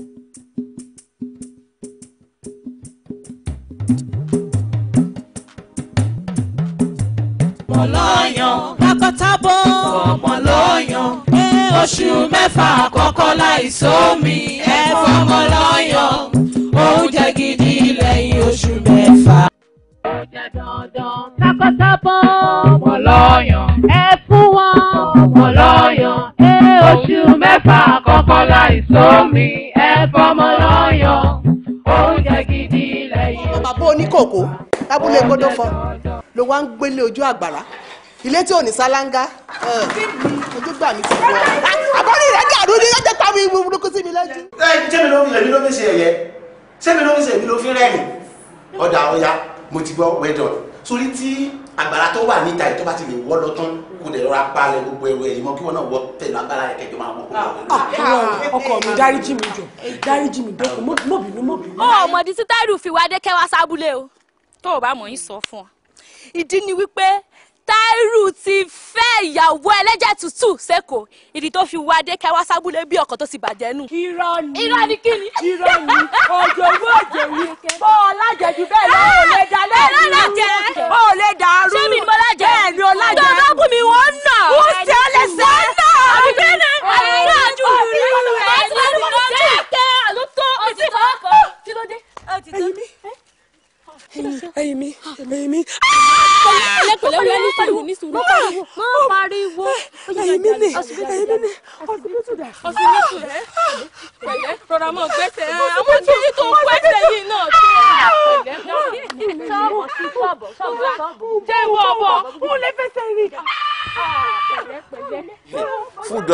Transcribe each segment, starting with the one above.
ọmọlọ́yàn lákọ̀tàbọ̀ ọmọlọ́yàn oṣù mẹ́fà àkọ́kọ́ láìsómi ẹ̀fọ́ ọmọlọ́yàn oúnjẹ gidi lẹ́yìn oṣù mẹ́fà. ó jẹ́ dandan lákọ̀tàbọ̀ ọmọlọ́yàn ẹ fún wa ọmọlọ́yàn oṣù mẹ́fà àkọ́kọ́ láìsómi ẹ fọmọ lọ́yọ̀ oúnjẹ gidi lẹ́yìn. bàbá oníkòkó tábúlé gbọ́dọ̀ fọ ló wá ń gbélé ojú àgbàrá ilé tí ò ní sálángá ojú gbà mí ti wọ àbọ̀rí rẹ̀ dàrú ni yóò jẹ́ pa mi burúkú sí mi lójú. ẹ jẹ́ mi ló ń lẹ̀ mí ló fi ṣe ẹ̀yẹ ṣé mi ló fi ṣe mi ló fi rẹ́rìn ọ̀dà ọ̀ya mo ti gbọ́ wẹ́dọ̀ sórí tí àgbàrá tó wà níta ìtọ́ bá ti lè wọ́ lọ́tún kò dẹ̀ rọra palẹ̀ gbogbo ẹrù ẹ̀yìn mọ́ kí wọ́n náà wọ pẹ̀lú agbára ẹ̀ kẹjọ máa wọ kó lọ. Ah, ah, ah, ọkọ mi dáríjì mi jọ dáríjì mi dọkọ mọ bínú mọ bínú. ó mọ̀dí sí táìrù fi wá adékẹ́wà sábúlé o tó o bá mọ̀ yín sọ fún ọ ìdí ni wípé táìrù ti fẹ́ ìyàwó ẹlẹ́jẹ̀ tútù sẹ́kọ̀ọ́ ìdí tó fi wá adékẹ́wà sábúlé bí ọkọ̀ tó ti bàjẹ́ nù. irọ́ ni irọ́ ni kí ni. irọ́ ni òjòwú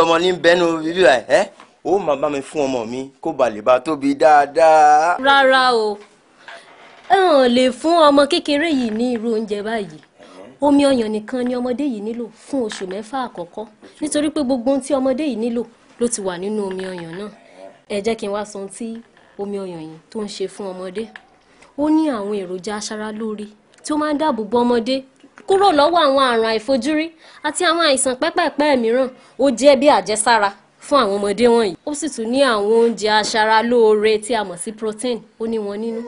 ọmọ ní bẹ́nu bíbí ẹ̀ ẹ́ ó máa bá mi fún ọmọ mi kó ba lè bá tóbi dáadáa. rárá o ẹ hàn lè fún ọmọ kékeré yìí ní irú oúnjẹ báyìí omi ọyàn nìkan ni ọmọdé yìí nílò fún oṣù mẹ́fà àkọ́kọ́ nítorí pé gbogbo ohun tí ọmọdé yìí nílò ló ti wà nínú omi ọyàn náà ẹ jẹ́ kí n wá sọ ohun tí omi ọyàn yìí tó ń ṣe fún ọmọdé ó ní àwọn èròjà aṣaralóore tí ó máa ń dáàbò bo ọmọdé kúrò lọ́wọ́ àwọn àrùn àìfojúrí àti àwọn àìsàn pẹ́pẹ́pẹ́ mìíràn ó jẹ́ bí àjẹsára fún àwọn ọmọdé wọ̀nyí ó sì tún ní àwọn oúnjẹ aṣaralóore tí a mọ̀ sí protein ó ní wọn nínú.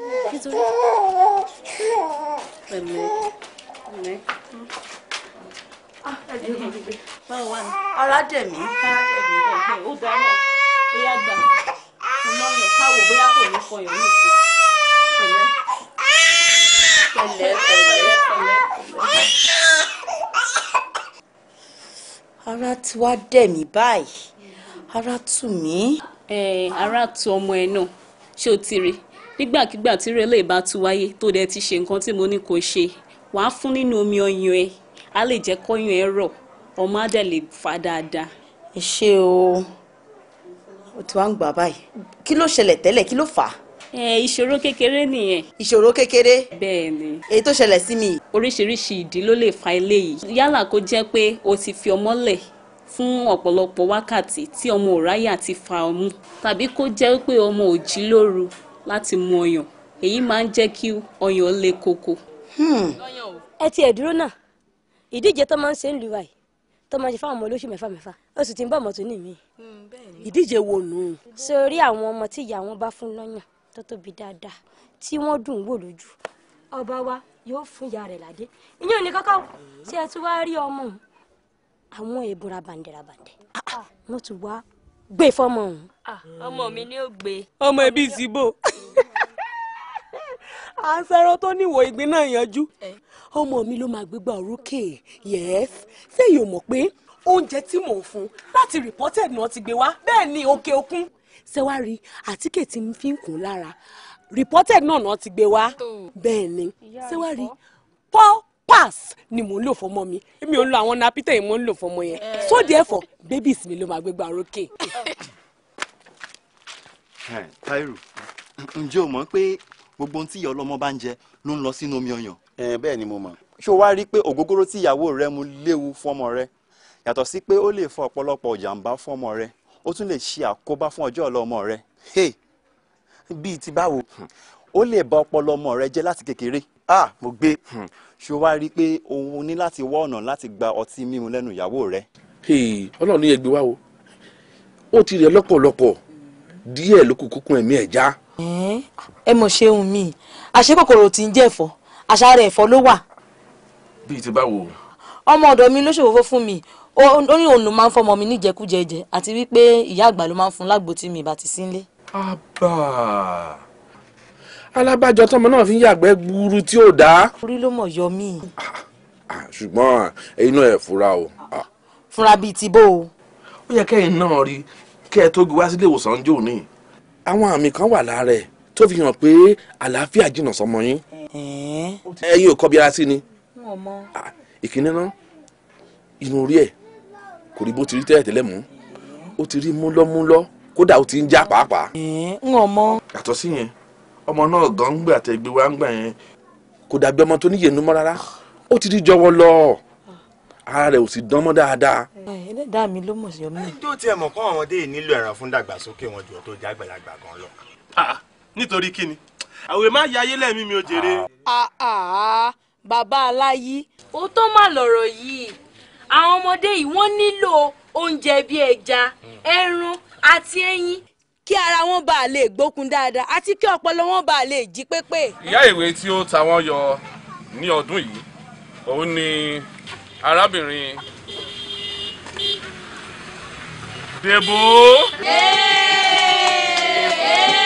ara dẹ̀ mí. ó dáná bóyá gbà ọmọ yẹn káwọ bóyá kò ní kọyàn ní ìsìn pẹ̀lẹ́ pẹ̀lẹ́ pẹ̀lẹ́. ara ti wá dẹ̀ mí báyìí ara tù mí. ẹ ara tu ọmọ ẹ náà ṣé o ti rí nígbàkigbà tí rẹlẹ bá tu wáyé tó dẹ ti ṣe nǹkan tí mo ní kó ṣe wàá fún nínú omi ọyàn ẹ á lè jẹ́ kọ́yàn ẹ rọ̀ ọmọ á dẹ̀ lè fà dáadáa. ẹ ṣé o o ti wá ń gbà báyìí kí ló ṣẹlẹ̀ tẹ́lẹ̀ kí ló fà á ìṣòro kékeré nìyẹn. ìṣòro kékeré. bẹ́ẹ̀ ni. èyí tó ṣẹlẹ̀ sí mi. oríṣiríṣi ìdí ló lè fa eléyìí yálà kó jẹ́ pé o ti fi ọmọ lẹ̀ fún ọ̀pọ̀lọpọ̀ wákàtí tí ọmọ ò ti fa ọmú tàbí kó jẹ́ pé ọmọ ò jí lóru láti mu ọyàn èyí máa ń jẹ́ kí ọyàn le koko. Hmm. ẹ ti ẹ̀ dúró náà ìdíje tó máa ń ṣe ń lu wáyé tó máa ń ṣe fáwọn ọmọ olóṣù mẹ́fà mẹ́fà oṣù tí ń bọ̀ mọ́tò ní mi hmm, ìdíje wo nù. Hmm. sórí àwọn ọmọ tí ìyá wọn bá fún lọ́yàn tó tóbi dáadáa tí wọ́n dùn wò lójú ọba wa yóò fún ìyá rẹ̀ ládé ìyẹn ò ní kọ́kọ́ ṣe é tí wàá rí ọmọ òun àwọn èèbùn rabandẹ rabandẹ wọ́n ti wá gbé fọmọ òun. Ah, ọmọ mi ni ó gbé. ọmọ ẹbí ìsìnbó àṣẹrọ tó níwò ìgbín náà yanjú eh. ọmọ mi ló máa gbégbá orókè yẹs ṣé yóò mọ̀ pé oúnjẹ tí mò ń fún láti reported náà ti gbé wá bẹ́ẹ̀ ni òkè òkun ṣé wàá rí àtíkè tí n fi ń kùn lára reported náà náà ti gbé wá bẹ́ẹ̀ ni ṣé wàá pass ni mò ń lò fọmọ mi èmi ò ń lo àwọn napita yìí mò ń lò fọmọ yẹn eh. so therefore babies mi ló máa gbégbá orókè. Eh, Táírù ǹjẹ́ o mọ̀ pé gbogbo ohun tí ìyá ọlọ́mọ bá ń jẹ ló ń lọ sínú omi ọyàn. Eh, bẹ́ẹ̀ ni mo mọ̀ ṣé o wá rí i pé ògógóró tí ìyàwó rẹ mu léwu fọmọ rẹ yàtọ̀ sí pé ó lè fa ọ̀pọ̀lọpọ̀ jàǹbá fọmọ rẹ ó tún lè ṣe àkóbá fún ọjọ́ ọ̀la ọmọ rẹ bíi ti báwo ó lè bà ọpọlọ ọmọ rẹ jẹ́ láti kékeré ah mo gbé ṣó wá rí i pé òun ní láti wá ọ̀nà láti gba ọtí mímu lẹ́nu ìyàwó rẹ. ọlọ́run ní ẹgbẹ́ wa o ó ti rẹ̀ lọ́pọ̀lọpọ̀ díẹ̀ ló kù ẹ̀mí ẹ̀ já. ẹ mọ̀ ṣeun mi àṣé kòkòrò tí ń jẹ́ ẹ̀fọ́ àṣà rẹ̀ ẹ̀fọ́ ló wà. bíi ti báwo. ọmọ ọ̀dọ̀ mi ló ṣòfófó fún mi ó ní òun ló máa ń fọmọ mi níjẹkújẹ jẹ àti wípé ìyá àgbà ló máa ń fún lágbo tí mi ìbá ti sí nílé. àbà alábàjọ tọmọ náà fi ń yàgbẹ́ gbúrú tí ò dáa. orí ló mọ̀ yọ mí. Ah, ṣùgbọ́n inú ẹ̀ fura o. Ah. fúnra bíi ti bó o. ó yẹ kẹ́yìn náà rí kẹ́ ẹ tó gbé wá sílé ìwòsàn jò ní. àwọn àmì kan wà lára ẹ̀ tó fi hàn pé àlàáfíà jìnnà sọmọ yín. ẹ̀yin ò kọ́ bí ara sí ni. Ah, ìkíní náà inú orí ẹ̀ kò rí bó ti rí tẹ́lẹ̀ tẹ́lẹ̀ mú ó ti rí múlọ́múlọ́ kódà ó ti ń já pàápàá. n ò mọ. àtọ̀ sí yẹn ọmọ náà gan gbé àtẹ̀gbé wa ń gbà yẹn kò dàbí ọmọ tó níyẹn numọ rárá ó ti rí jọwọ́ lọ ara rẹ̀ ò sì dán mọ́ dáadáa. ẹlẹ́dàá mi ló mọ̀ sí ọmọ mi. tó tiẹ̀ mọ̀ kọ́ àwọn dé nílò ẹ̀ràn fún dàgbàsókè wọn jù tó já àgbàlagbà gan lọ. Ah, ah, nítorí kíni àwẹ̀ má ya ayé lẹ́mìí mi ò jèrè. Ah, bàbá aláyí ó tó lọ̀rọ̀ yìí àwọn ọmọdé yìí wọ́n nílò oúnjẹ bíi ẹja ẹran àti ẹyin kí ara wọn bá lè gbókun dáadáa àti kí ọpọlọ wọn bá lè jí pépé. ìyá ìwé tí ó ta wọn yọ ní ọdún yìí òun ni arábìnrin Debo. Hey! Hey!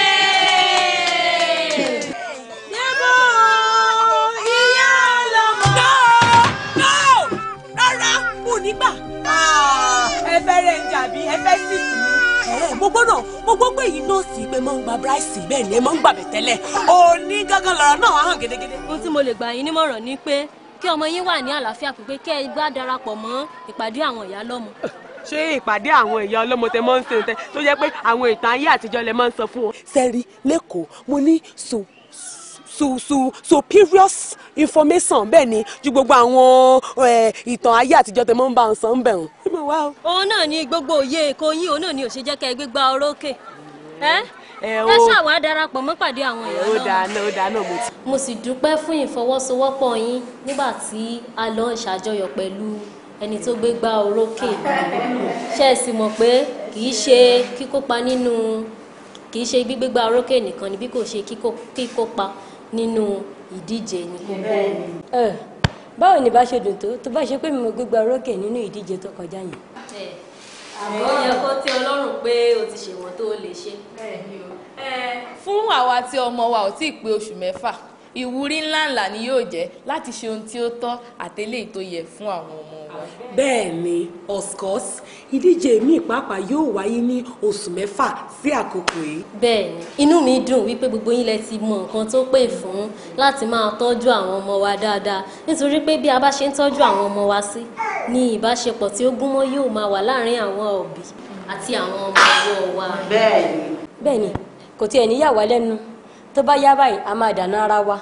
mo gbọ́dọ̀ mo gbọ́ pé yìí nọ́ọ̀sì pé mo ń gba bryce bẹ́ẹ̀ ni ẹ mọ́ ń gbà mí tẹ́lẹ̀ òní gángan lọ́rọ̀ náà hàn gédégédé. ohun tí mo lè gbà yín nímọ̀ràn ni pé kí ọmọ yín wà ní àlàáfíà pípé kẹ́ ẹ bá darapọ̀ mọ́ ìpàdé àwọn ìyá lọ́mọ ṣé ìpàdé àwọn ìyá ọlọ́mọ tẹ mọ́ ń ṣe tẹ tó jẹ́ pé àwọn ìtàn ayé àtijọ́ lẹ mọ́ ń sọ fún wọn. sẹ́rí lẹ́kọ̀ọ́ mo ní so so so superior information bẹ́ẹ̀ ni ju gbogbo àwọn ìtàn ayé àtijọ́ tẹ mọ́ ń bá ń sọ ń bẹ̀ hàn mú wá o. òun náà ni gbogbo òye èkó yín òun náà ni òṣè jẹ́ kẹ́ ẹ gbégbá orókè ẹ ẹ ṣàwá darapọ̀ mọ́ pàdé àwọn èèyàn náà. ó dáa náà ó dáa náà mo ti. mo sì dúpẹ́ fún ìfọwọ́sowọ́pọ̀ yín nígbà tí a lọ ṣàjọyọ̀ pẹ̀lú ẹni tó gbégbá orókè ṣe é sì mọ̀ pé kì í ṣe kíkópa nínú kì í ṣe gbígbégbá orókè nìkan ni bí kò ṣe kíkópa nínú ìdíje ní báwo ni bá ṣe dùn tó tó bá ṣe pé mi mo gbégbá orókè nínú ìdíje tó kọjá yẹn. àmọ́ yẹ kó tí ọlọ́run pé o ti ṣèwọ́n tó o lè ṣe. fún àwa tí ọmọ wa ò tí ì pé oṣù mẹ́fà ìwúrí ńláńlá ni yóò jẹ́ láti ṣe ohun tí ó tọ́ àtẹlé tó fún àwọn ọmọ bẹ́ẹ̀ ni oscos ìdíje mi pàápàá yóò wáyé ní oṣù mẹ́fà sí àkókò yìí. bẹ́ẹ̀ ni inú mi dùn wípé gbogbo yín lẹ ti mọ nǹkan tó pè fún láti máa tọ́jú àwọn ọmọ wa dáadáa nítorí pé bí a bá ṣe ń tọ́jú àwọn ọmọ wa sí ni ìbáṣepọ̀ tí ó gúnmọ́ yóò máa wà láàárín àwọn òbí àti àwọn ọmọ ọwọ́ wa. bẹ́ẹ̀ ni. bẹ́ẹ̀ ni kò tiẹ̀ ní yà lẹ́nu tó bá yá báyìí a máa dànù ara wa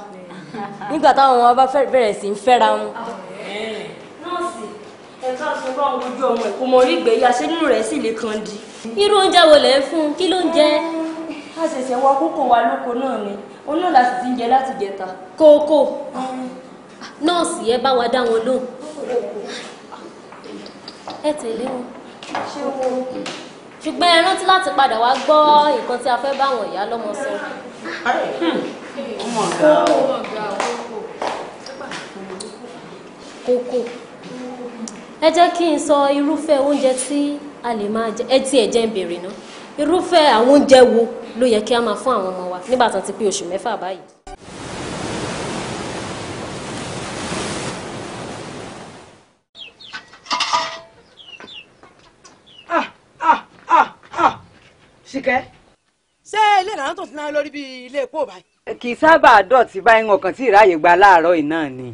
nígbà táwọn ọmọ bá bẹ̀rẹ̀ sí ń fẹ́ra wọn ẹ̀ka àtúntò bá wọn ojú ọmọ ẹ̀kọ́ mọ orí ìgbéyà ṣé nínú rẹ̀ sì lè kan di. irú oúnjẹ wo lẹ ń fún un kí ló ń jẹ. a ṣẹ̀ṣẹ̀ wọ kókò wa lóko náà ni òun náà la sì ti ń jẹ láti jẹta. kókò nọ́ọ̀sì ẹ bá wa dá wọn lóhùn. ẹ tẹ̀lé wọn. ṣùgbọ́n ẹ rántí láti padà wá gbọ́ nǹkan tí a fẹ́ báwọn ìyá lọ́mọ sọ. Hmm. Oh kókò ẹ jẹ́ kí n sọ irúfẹ́ oúnjẹ tí a lè máa jẹ ẹ tí ẹ jẹ́ ń bèrè náà irúfẹ́ àwọn oúnjẹ wo ló yẹ kí a máa fún àwọn ọmọ wa nígbà tán ti pé oṣù mẹ́fà báyìí. Ah, ah, ah, ṣìkẹ́. ṣé ilé ìdáná tó ti náà lórí bíi ilé epo báyìí. kì í sábà dọ̀tí báyìí wọn kàn tí ìráàyè gba láàárọ̀ yìí náà ni.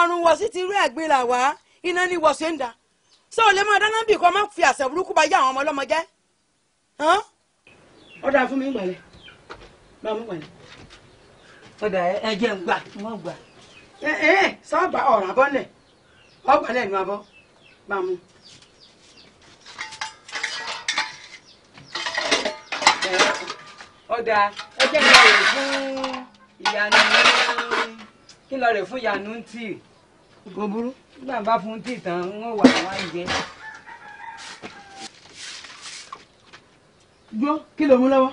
ọ̀run wọ̀ sí ti rú ẹ̀gbin là wá iná ni wọ́n ṣe ń da ṣé o lè máa dáná bí kò má fi àṣẹ burúkú bá yá àwọn ọmọ ọlọ́mọ jẹ́ ó dáa fún mi gbàlẹ̀ bá mi gbàlẹ̀. ọ̀dà ẹ jẹ́ ń gbà wọ́n gbà. ẹ ẹ sábà ọ̀rọ̀ abọ́ nẹ̀ ọgbà lẹ́nu abọ́ bá mu. ọ̀dà ẹ jẹ́ ń lọ rè fún ìyanu kí lọ rè fún ìyanu ń kò burú nígbà bá fún tí ìtàn wọn wà wá jẹ. gbọ́ kí ló mú lọ́wọ́.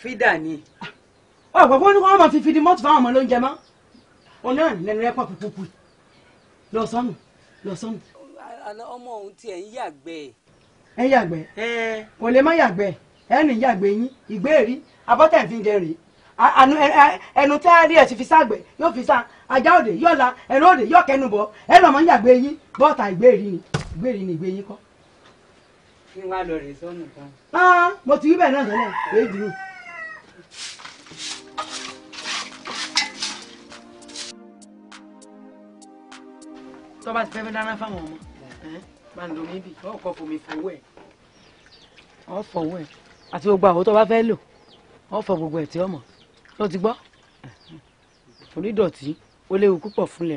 fídà ni. ọ̀pọ̀pọ̀ ní wọ́n máa fi fidi mọ́tò fáwọn ọmọ lóúnjẹ mọ́. òun náà lẹ́nu rẹ̀ pọ̀ púpù lọ sọ́nù lọ sọ́nù. ọmọ òun tiẹ̀ ń yàgbẹ́. ẹ yàgbẹ́ kò lè má yàgbẹ́ ẹ ní yàgbẹ́ yín ìgbéèrí abọ́tẹ̀ fi ń jẹ rèé ẹnu tẹ́ ẹ rí ẹ̀ sì fi sáàgbẹ̀ yóò fi sá ajá òde yóò la ẹ̀rọ òde yóò kẹnu bọ̀ ẹ̀rọ ọmọ yàgbé yín bọ́ọ̀tà ìgbéèrí ni ìgbéèrí ni ìgbé yín kọ́. kí wàá lọ rè sọ́nù kan. mo ti rí bẹ́ẹ̀ náà tẹ́lẹ̀ èyí dùn. tó bá ti fẹ́ fẹ́ dáná fáwọn ọmọ máa ń lo níbí ọkọ̀ fòmí fowó ẹ̀ ọ̀ fọwọ́ ẹ̀ àti gbogbo àwọn tó bá fẹ́ lò ọ̀ fọ gbogbo ẹ̀ tí ọmọ ló ti gbọ́ onídọ̀tí ó léwu púpọ̀ fún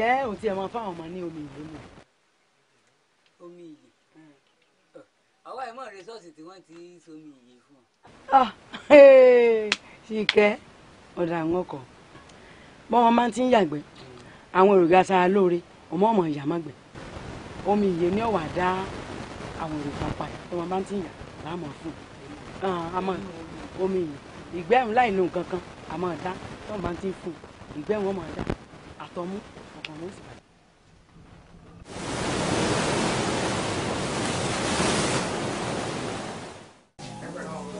ǹjẹ́ òun ti ẹ̀ máa fáwọn ọmọ ní omi ìlú mi. omi ìyè àwa ẹ̀ mọ̀ rẹ́sọ̀ọ̀sì tí wọ́n ti somi ìyè fún ọ. Ah, ṣìkẹ́ ọ̀dà àwọn ọkọ̀ bọ́wọ́n máa ti ń yàgbẹ́ àwọn èròjà sara lóore ọmọ ọmọ ìyá má gbẹ omi ìyè ni ọ̀wà dá àwọn èròjà padà ọmọ máa ti ń yà láàmú fún àmọ́ ah, omi ìyè ìgbẹ́ láì lo nǹkan kan àmọ́ ọ̀dá ọmọ máa ti ń fún ìgbẹ́ ọmọ ọ̀dá àtọ̀mú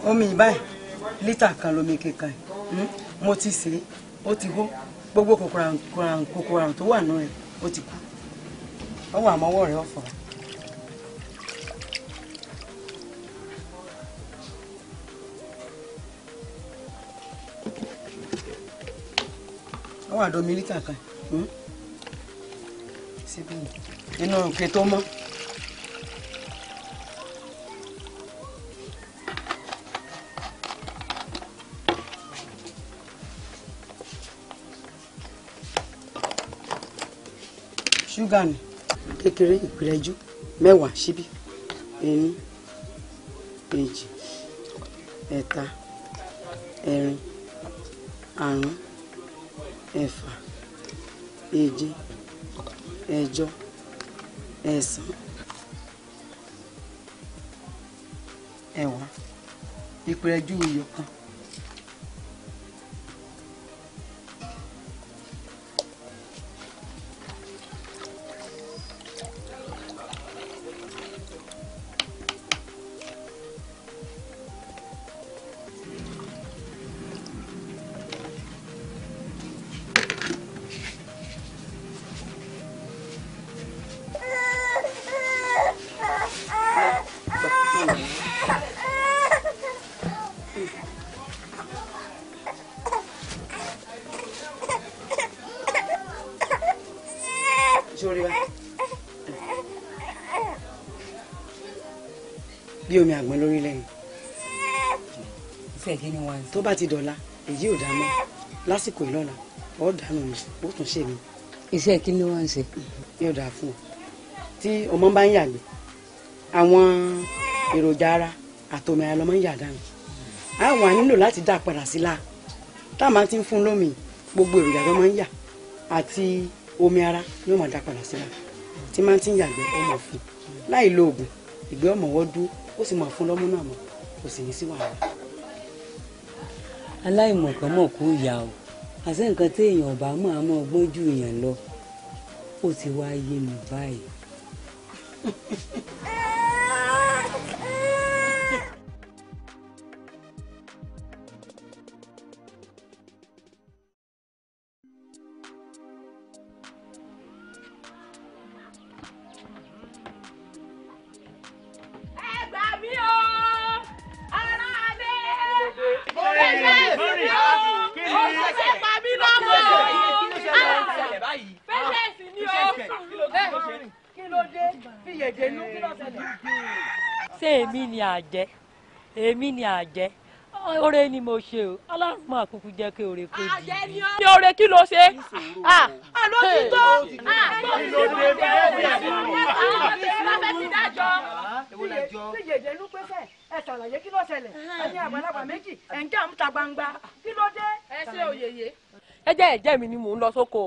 omi ìbáyìí lítà kan lomi kankan hmm? mo ti sè é ó ti hó gbogbo kòkòrò àrùn tó wà nù rẹ̀ ó ti kú ó wà mọ́wọ́ rẹ̀ ọ̀fọ̀. wà domi lítà kan. síbí inú nǹkan tó mọ́. ṣúgà ni kékeré ìpìlẹ̀jú mẹ́wàá síbí ẹni èjì ẹ̀ta ẹ̀rin àrún ẹ̀fà èje ẹ̀jọ ẹ̀sán ẹ̀wá ìpẹ́ẹ́jú iyọ̀ sórí wa bí omi àgbọn lórí lẹ́yìn fẹ́ kí ni wọ́n. tó bá ti dọ̀la èyí ò dáná lásìkò ìlọ́la ọ̀ dànù mi ó tún ṣe mi. iṣẹ́ kí ni wọ́n ń ṣe. yóò dáa fún ọ tí ọmọ bá ń yàgbẹ́ àwọn èròjà ara àtọmọ ara lọmọ ń yà dànù àwọn á nílò láti dá padà sí la táwọn máa ti ń fún lómi gbogbo èròjà lọmọ ń yà àti omi ara ni ó máa dá padà síra tí máa ti ń yàgbẹ́ ọmọ fún láì lo oògùn ìgbẹ́ ọmọ wọ́n dún ó sì máa fún lọ́mú náà mọ́ kò sì ní sí wàhálà. aláìmọ̀kàn mọ̀ kó yà o àṣé nǹkan téèyàn ọba máa mọ ọgbọ́n ju èèyàn lọ ó ti wá yé mi báyìí. yẹ̀dẹ̀ nú kí ló ṣẹlẹ̀. ṣé èmi ni àjẹ́ èmi ni àjẹ́ oore ni mo ṣe o ọlọ́run máa kúkú jẹ́ kí oore kó di mi. ṣé oore kí ló ṣe. àlọ́ ti tó àlọ́ ti tó ṣe àlọ́ ti tó ṣe ti dájọ́. ṣé yèyé ló pẹ́ fẹ́ ẹ ṣàlàyé kí ló ṣẹlẹ̀ ẹni àgbàlagbà méjì ẹ̀ ń jà ń ta gbangba kí ló dé. ẹ ṣe òyèyè. ẹ jẹ́ ẹ̀jẹ̀ mi ni mò ń lọ sóko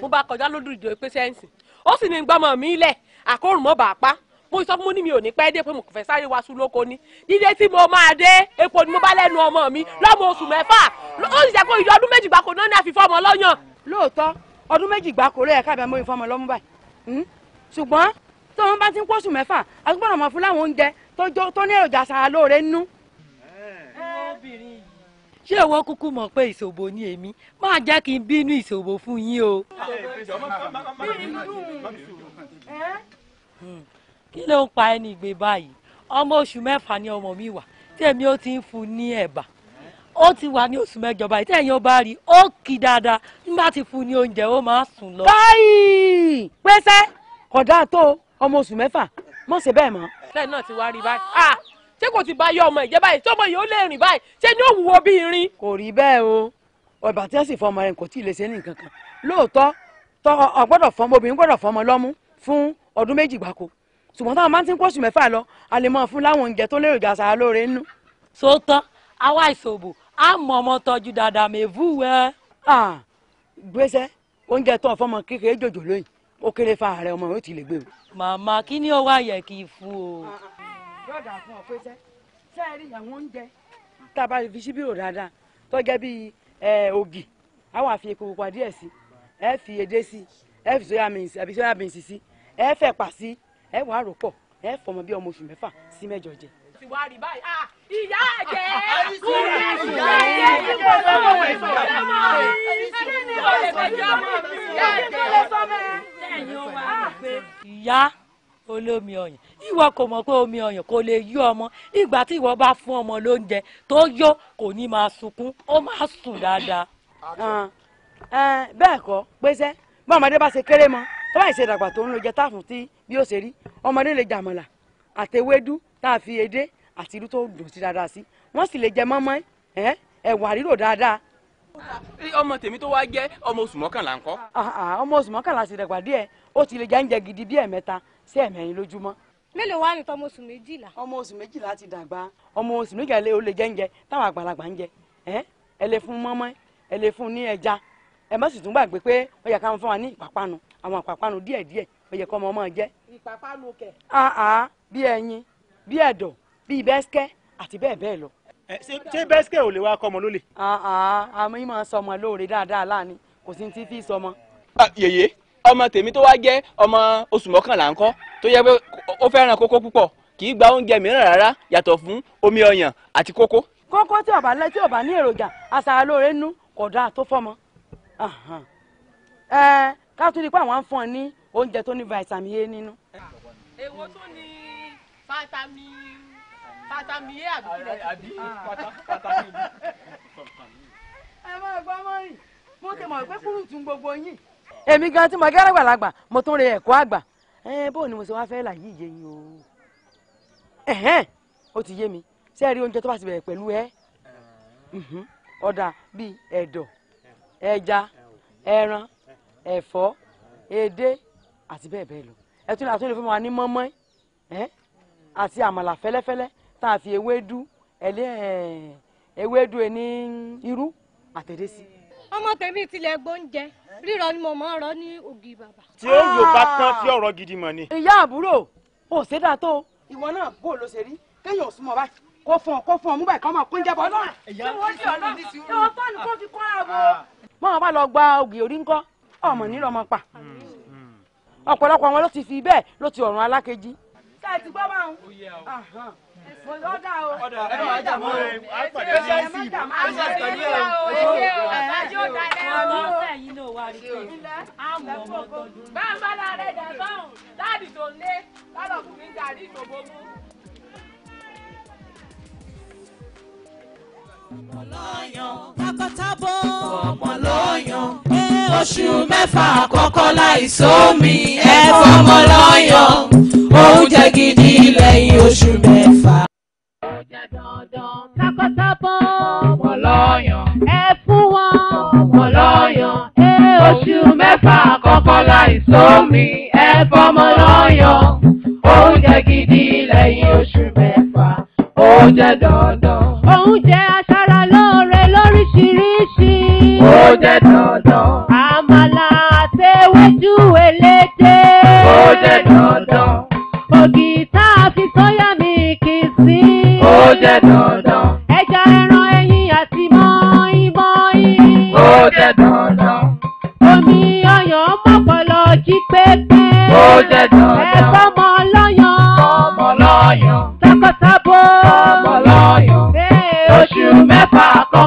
mo bá kọjá lódùjọ pé sẹ́ǹsì ó sì ní gbọ́mọ mi lẹ̀ àkórùn mọ́ bàá mo sọ fún mo ni mi ò ní pẹ́ dé pé mo kò fẹ́ sáré waṣu lóko ni dídé tí mo máa dé epo ni mo bá lẹ́nu ọmọ mi lọ́mọ oṣù mẹ́fà ó sì jẹ́ pé ìjọ ọdún méjì gbáko náà ní àfi fọ́mọ lọ́yàn. lóòótọ́ ọdún méjì gbáko ló yẹ káàbẹ̀ mo ìfọmọ lọ́mú báyìí hmm? ṣùgbọ́n tó wọn bá ti ń pọ́ṣù mẹ́fà a gbọ́dọ̀ mọ̀ fún láwọn oúnjẹ tó ní èròjà sàrà lóore nínú. obìnrin yìí ṣé ìwọ kúkú mọ̀ pé ìṣòbò ni èmi máa jẹ́ kí n bínú ìṣòbò fún yín o. kí ló ń pa ẹni ìgbé báyìí ọmọ oṣù mẹ́fà ni ọmọ mi wà tèmi ó ti ń fún ní ẹ̀bà ó ti wà ní oṣù mẹ́jọ báyìí tẹ̀yìn ó bá rí ó kì dáadáa nígbà tí fún ní oúnjẹ ó máa sùn lọ. báyìí pẹ́sẹ́ kódà tó ọmọ oṣù mẹ́fà mọ̀ ṣe bẹ́ẹ̀ mọ́. bẹ́ẹ̀ náà ti wá rí báyìí. Ah! ṣé kò ti bá yọ ọmọ ìjẹ́ báyìí tọ́mọ yìí ó lè rìn báyìí ṣé ni ó wúwo bí irin. kò rí bẹ́ẹ̀ o ọ̀bà tí wọ́n sì fọmọ rẹ̀ kò tí ì lè ṣe ní nǹkan kan lóòótọ́ tọ́ ọ gbọ́dọ̀ fọmọ obìnrin gbọ́dọ̀ fọmọ lọ́mú fún ọdún méjì gbáko ṣùgbọ́n táwọn máa ń tí ń kóṣù mẹ́fà lọ a lè máa fún láwọn oúnjẹ tó lérò ìjàsára lóore nínú. sótán àwa ìṣòbò á mọ ọmọ tọ́jú dáadáa mẹ́fù wẹ́. gbèsè oúnjẹ tó ọfọmọ kékeré jòjò lóyìn ó kéré fa ààrẹ ọmọ rẹ ó ti lè gbé o. màmá kí ni ó wá yẹ kí n fún o. Ah, ah ọ̀dà fún ọ sẹ́ sẹ́ rí àwọn oúnjẹ tá a bá fi síbírò dáadáa tó bíi ògì àwọn àfi epo pupa díẹ̀ sí ẹ fi edé sí ẹ fi soya beans àbí soya beans sí ẹ fẹ́ pa sí ẹ wàá rò pọ̀ ẹ fọmọ bí ọmọ oṣù mẹ́fà sí mẹ́jọ jẹ ti wá rí ìyá àjẹ́ kúrẹ́ ìyá àjẹ́ ìbò lọ́wọ́ ìbò lọ́wọ́ ẹni ní ìbò lè gbẹ̀jọ́ ọmọ ìyá àjẹ́ ló sọ olómi ọyàn ìwọ kò mọ̀ pé omi ọyàn kò lè yó ọmọ ìgbà tí ìwọ bá fún ọmọ lóúnjẹ tó yó kò ní máa sunkún ó máa sùn dáadáa. Ah. Eh, bẹ́ẹ̀ kọ́ pẹ́sẹ́ bí ọmọdé bá ṣe kéré mọ́ tó bá ṣe dàgbà tó ń lo jẹ táàfù tí bí ó ṣe rí ọmọdé lè jàmọ̀là àtẹwédú tá a fi edé àti irú tó dùn sí dáadáa sí wọ́n sì lè jẹ mọ́mọ́ ẹ̀wà rírò dáadáa ọmọ tèmi tó wá jẹ́ ọmọ oṣù mọ́kànlá ńkọ́. Ah, ah, ọmọ oṣù mọ́kànlá sì dàgbà díẹ̀ ó ti lè jáǹjẹ gidi bí ẹ̀mẹ́ta sí ẹ̀mẹ́rin lójúmọ́. mélòó wá ní tọmọ oṣù méjìlá. ọmọ oṣù méjìlá ti dàgbà ọmọ oṣù méjìlá o lè jẹ́ǹjẹ táwọn àgbàlagbà ń jẹ ẹ lè fún mọ́mọ́ ẹ lè fún ní ẹja ẹ má sì tún gbàgbé pé ó yẹ káwọn fún wa ní ìpápánu àwọn ìpápánu díẹ̀díẹ̀ ó yẹ kọ́ ọmọ ọmọ jẹ. ìpápánu kẹ. Ah, bí ẹyin bí ẹ̀dọ̀ bí bẹ́sikẹ́ àti bẹ́ẹ̀ bẹ́ẹ̀ lọ Eh, ṣé bẹ́sikẹ́ ò lè wá kọ́ ọmọ lólè. Ah, ah, àmọ́ yín máa sọ ọmọ lóore dáadáa láàánú kò sí ti fi sọmọ. Ah, yèyé ọmọ tèmi tó wá jẹ́ ọmọ oṣù mọ́kànlá ńkọ́ tó yẹ pé ó fẹ́ràn kókó púpọ̀ kì í gba oúnjẹ mìíràn rárá yàtọ̀ fún omi ọyàn àti kókó. kókó tí ọba lẹ tí ọba ní èròjà aṣara lóore nú kò dáa tó fọmọ. ẹ eh, ká tún di pé àwọn fún ọ ní oúnjẹ tó ní vitamin A nínú. èwo tó ní vitamin Ah. pata pata, pata, àbí pàtàmìyé. ẹ máa gbọ́ mọ́rin mo ti mọ̀ pé fúrùtù gbogbo yín. èmi gan tí mo gẹ́rẹ́ gbàlagbà mo tún re ẹ̀kọ́ àgbà bóun ni mo ṣe wá fẹ́ là yí iye yìí o. ó ti yé mi ṣé ẹ rí oúnjẹ tó bá ti bẹ̀rẹ̀ pẹ̀lú ẹ ọ̀dà bíi ẹ̀dọ̀ ẹja ẹran ẹ̀fọ́ edé àti bẹ́ẹ̀ bẹ́ẹ̀ lọ ẹ tún lè àtúnlẹ̀ fún wa ní mọ́mọ́ àti àmàlà fẹ́lẹ́fẹ́lẹ́ tá a fi ewédú ẹlẹ́ eh, ewédú ẹni irú àtẹ̀dẹ́ sí. ọmọ tèmi tilẹ̀ gbóúnjẹ rírọ ni mo máa ń ní ògì bàbà. tí ó yóò bá tán sí ọ̀rọ̀ gidi mọ̀ ni. ìyá àbúrò ò ṣe dáa tó ìwọ náà bó ló ṣe rí kéèyàn súnmọ́ báyìí kó fún ọ kó fún ọ mú báyìí kó máa kó ń jẹ bọ ìyá ìwọ sí ọ̀nà ìwọ tó ní ah. ọmọ mm. nílò ọmọ pa mm. ọ̀pọ̀lọpọ̀ wọn ló ti fi bẹ́ẹ̀ ló ti ọ̀run alákejì. ṣé ti gbọ́ báwọn ọ̀dà o ọ̀dà a bá la rẹ̀ dà sọ́hùn láàdì tó lé lọ́lọ́kùnrin gàrí ìdòbò mú. ọ̀pọ̀lọ́yàn takọ̀tabo oṣù mẹ́fà àkọ́kọ́ láìsómi ẹ̀fọ́ ọmọlọ́yàn oúnjẹ gidi lẹ́yìn oṣù mẹ́fà tọkọtabo. ọmọ lọ́yàn. ẹ fún wọn. ọmọ lọ́yàn. ẹ oṣù mẹ́fà àkọ́kọ́ láìsómi ẹ fọmọ lọ́yàn. oúnjẹ gidi lẹ́yìn oṣù mẹ́fà oúnjẹ dandan. oúnjẹ aṣara lóore lóríṣiríṣi. oúnjẹ dandan.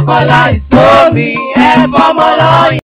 Bọ́lá is no be ẹ bọ́mọ lọ́yìn.